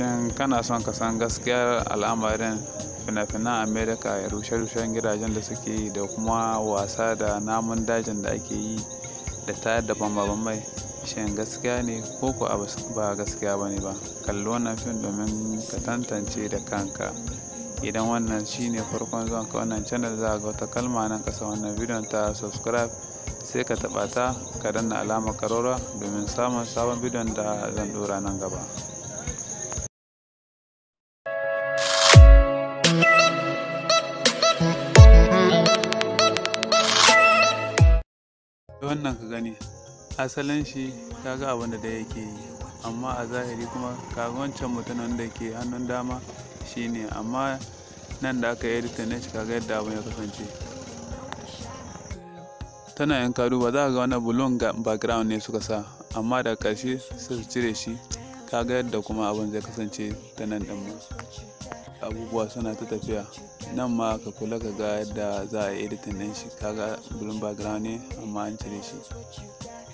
shin kana son ka san gaskiyar al'amarin fina-finan america rushe-rushen gidajen da suke yi da kuma wasa da namun dajin da ake yi da tayar da bambamai shin gaskiya ne ko ko ba gaskiya ba ne ba kalli wannan fim domin ka tantance da kanka idan wannan shine farkon zuwan ka wannan channel za ga wata kalma nan kasa wannan bidiyon ta subscribe sai ka taba ta ka danna alamar karora domin samun sabon bidiyon da zan dora nan gaba wannan ka gani asalin shi kaga abin da da yake yi amma a zahiri kuma kaga wancan mutumin da ke hannun dama shine amma nan da aka yi ne shi kaga yadda abin ya kasance tana yan duba za ka ga wani bulon background ne suka sa amma da karshe su cire shi kaga yadda kuma abin zai kasance ta nan ɗin abubuwa suna ta tafiya nan ma ka kula ka ga yadda za a yi editin ɗin shi kaga blue background ne amma an cire shi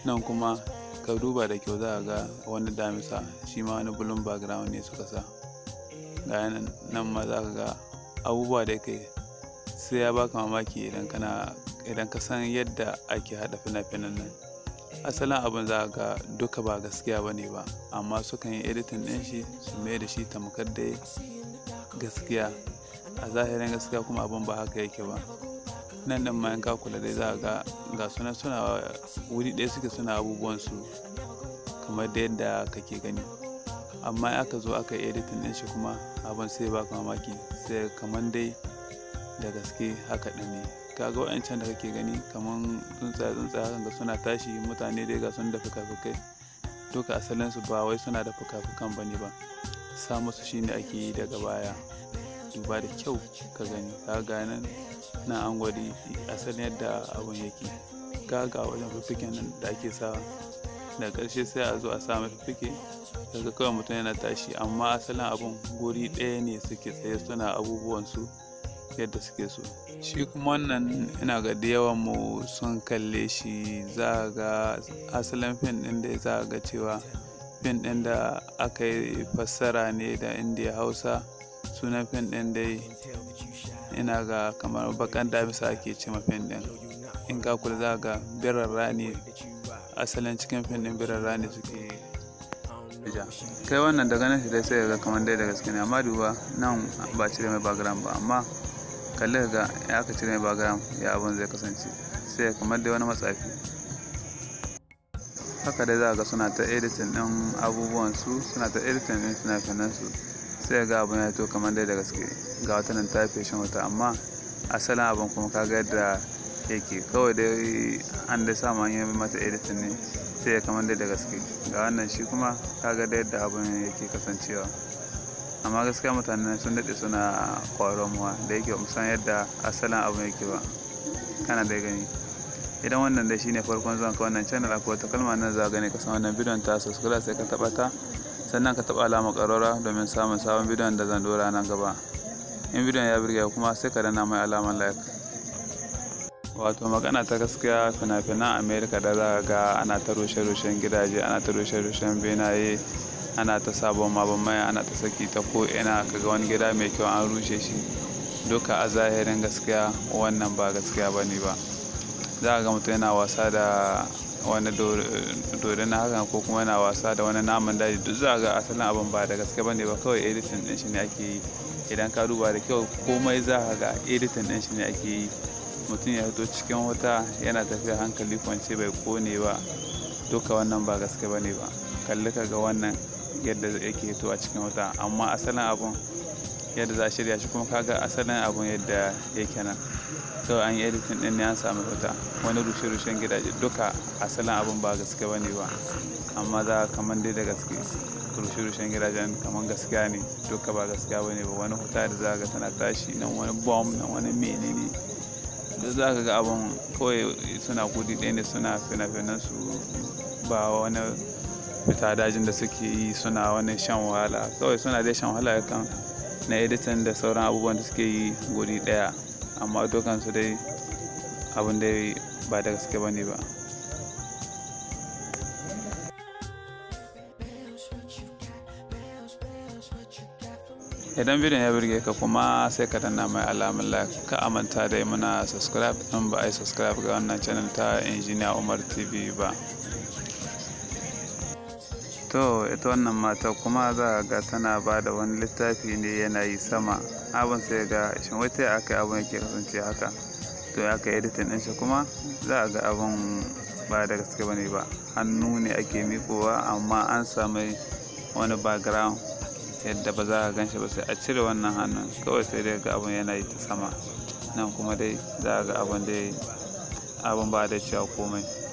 nan kuma ka duba da kyau za a ga wani damisa shi ma wani blue background ne suka sa ga nan ma za ka ga abubuwa da kai sai ya baka mamaki idan ka san yadda ake haɗa fina-finan nan asalin abin za ga duka ba gaskiya ba ne ba amma sukan yi editin ɗin shi su mai da shi tamkar dai gaskiya a zahirin gaskiya kuma abin ba haka yake ba nan nan ma ka kula dai za ga ga suna suna wuri ɗaya suke suna abubuwan su kamar da yadda kake gani amma aka zo aka editin ɗin shi kuma abin sai ba mamaki sai kamar dai da gaske haka ɗin ne kaga wa'ancan da kake gani kamar tsuntsaye tsuntsaye hakan ga suna tashi mutane dai ga sun da fuka-fukai duka asalinsu ba wai suna da fuka-fukan ba ne ba sa musu shi ne ake yi daga baya duba da kyau ka gani ka gane na an gwadi asalin yadda abun yake ka ga wajen fiffiken nan da ake sa da karshe sai a zo a sa mai fiffike daga kawai mutum yana tashi amma asalin abun guri ɗaya ne suke tsaye suna abubuwansu yadda suke so shi kuma wannan ina ga da yawan mu sun kalle shi za ga asalin fim ɗin da za ga cewa fim ɗin da aka yi fassara ne da indiya hausa sunan fim ɗin dai ina ga kamar bakan damisa ake ce fim ɗin in ka kula za ga birar rani asalin cikin fim ɗin birar rani suke ja kai wannan daga nan dai sai ga kamar dai da gaske ne amma duba nan ba cire mai bagram ba amma kalli ga ya aka cire mai bagram ya abun zai kasance sai kamar dai wani matsafi haka dai za ga suna ta editing ɗin abubuwan su suna ta editing ɗin fina-finan su sai ga abin ya to kamar dai da gaske ga wata nan ta feshin wata amma asalin abin kuma ka ga yadda yake kawai dai an dai sa an yi mata editing ne sai ya kamar dai da gaske ga wannan shi kuma ga da yadda abin yake kasancewa amma gaskiya mutanen sun daɗe suna kwaromuwa da yake musan yadda asalin abin yake ba kana da gani idan wannan da shine farkon zuwan ka wannan channel akwai wata kalma nan za gani ka san wannan bidiyon ta subscribe sai ka taba ta sannan ka taba alama karora domin samun sabon bidiyon da zan dora nan gaba in bidiyon ya birge kuma sai ka dana mai alamar like wato magana ta gaskiya fina-finan america da za ga ana ta rushe-rushen gidaje ana ta rushe-rushen benaye ana ta sabon maya ana ta saki ta ko ina kaga wani gida mai kyau an rushe shi duka a zahirin gaskiya wannan ba gaskiya ba ne ba za a ga mutum yana wasa da wani na hakan ko kuma yana wasa da wani naman daji duk za ga asalin abin ba da gaske bane ba kawai editing din shi ne ake yi idan ka duba da kyau komai za a ga editing din shi ne ake yi mutum ya fito cikin wuta yana tafiya hankali kwance bai kone ba duka wannan ba gaske bane ba kalli ka ga wannan yadda yake to a cikin wuta amma asalin abun yadda za a shirya shi kuma ka ga asalin abun yadda yake nan kawai an yi editing din ne an samu fita wani rushe-rushen gidaje duka asalin abin ba gaske ba ne ba amma za kamar dai da gaske rushe-rushen gidajen kamar gaskiya ne duka ba gaskiya ba ne ba wani huta da za ga tana tashi nan wani bom nan wani menene da za ka ga abin kawai suna kudi ɗaya ne suna fina-finan su ba wani fita dajin da suke yi suna wani shan wahala kawai suna dai shan wahala kan na editing da sauran abubuwan da suke yi guri ɗaya amma dukansu dai abin da ba da gaske ba ne ba idan bidiyon ya birge ka kuma sai ka danna mai alamun like ka amanta da muna subscribe in ba a yi subscribe ga wannan channel ta injiniya umar tv ba to ita wannan mata kuma za ga tana ba da wani littafi ne yana yi sama abin sai ga shin wata ya aka abin yake kasance haka to ya aka editin ɗinsa kuma za a ga abin ba da gaske ne ba hannu ne ake mikowa amma an sami wani background yadda ba za a gan shi ba sai a cire wannan hannun kawai sai dai ga abin yana yi ta sama nan kuma dai za a ga abin dai abin ba da cewa komai